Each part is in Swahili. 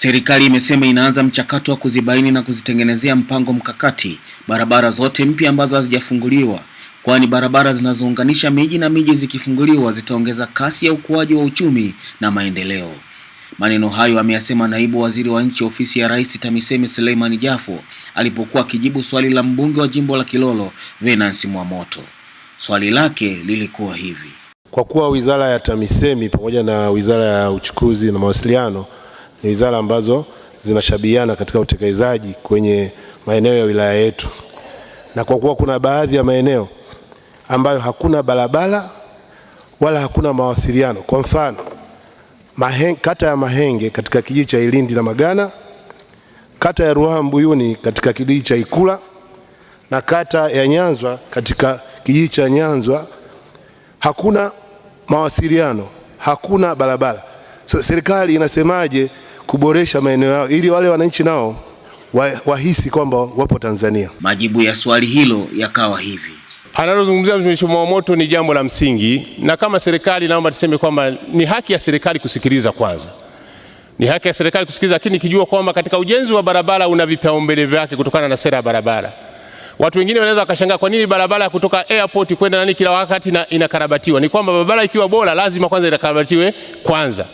Serikali imesema inaanza mchakato wa kuzibaini na kuzitengenezea mpango mkakati barabara zote mpya ambazo hazijafunguliwa, kwani barabara zinazounganisha miji na miji zikifunguliwa zitaongeza kasi ya ukuaji wa uchumi na maendeleo. Maneno hayo ameyasema naibu waziri wa nchi ofisi ya Rais TAMISEMI suleiman Jafo alipokuwa akijibu swali la mbunge wa jimbo la Kilolo Venance Mwamoto. Swali lake lilikuwa hivi: kwa kuwa wizara ya TAMISEMI pamoja na wizara ya uchukuzi na mawasiliano ni wizara ambazo zinashabiana katika utekelezaji kwenye maeneo ya wilaya yetu, na kwa kuwa kuna baadhi ya maeneo ambayo hakuna barabara wala hakuna mawasiliano, kwa mfano Mahen, kata ya Mahenge katika kijiji cha Ilindi na Magana, kata ya Ruaha Mbuyuni katika kijiji cha Ikula na kata ya Nyanzwa katika kijiji cha Nyanzwa, hakuna mawasiliano, hakuna barabara. Serikali inasemaje kuboresha maeneo yao ili wale wananchi nao wahisi kwamba wapo Tanzania. Majibu ya swali hilo yakawa hivi. Analozungumzia Mheshimiwa Moto ni jambo la msingi, na kama serikali, naomba tuseme kwamba ni haki ya serikali kusikiliza kwanza, ni haki ya serikali kusikiliza, lakini ikijua kwamba katika ujenzi wa barabara una vipaumbele vyake kutokana na sera ya barabara. Watu wengine wanaweza wakashangaa kwa nini barabara ya kutoka airport kwenda nani kila wakati inakarabatiwa. Ni kwamba barabara ikiwa bora lazima kwanza inakarabatiwe kwanza.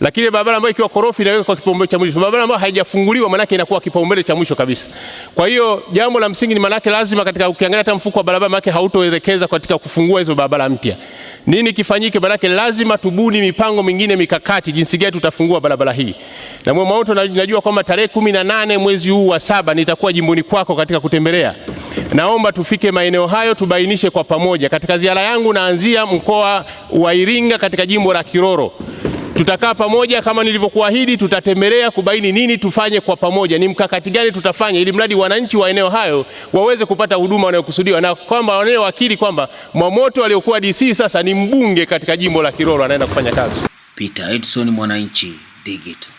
Lakini barabara ambayo ikiwa korofi inawekwa kwa kipaumbele cha mwisho. Barabara ambayo haijafunguliwa maana inakuwa kipaumbele cha mwisho kabisa. Kwa hiyo jambo la msingi ni maana lazima katika ukiangalia hata mfuko wa barabara maana hautoelekeza katika kufungua hizo barabara mpya. Nini kifanyike? Maana lazima tubuni mipango mingine mikakati jinsi gani tutafungua barabara hii. Na mwema wote najua kwamba tarehe nane mwezi huu wa saba nitakuwa jimboni kwako katika kutembelea. Naomba tufike maeneo hayo tubainishe kwa pamoja. Katika ziara yangu naanzia mkoa wa Iringa katika jimbo la Kiroro. Tutakaa pamoja kama nilivyokuahidi, tutatembelea kubaini nini tufanye kwa pamoja, ni mkakati gani tutafanya, ili mradi wananchi wa eneo hayo waweze kupata huduma wanayokusudiwa, na kwamba wakili kwamba Mwamoto aliyokuwa DC sasa ni mbunge katika jimbo la Kilolo, anaenda kufanya kazi. Peter Edson, Mwananchi Digital.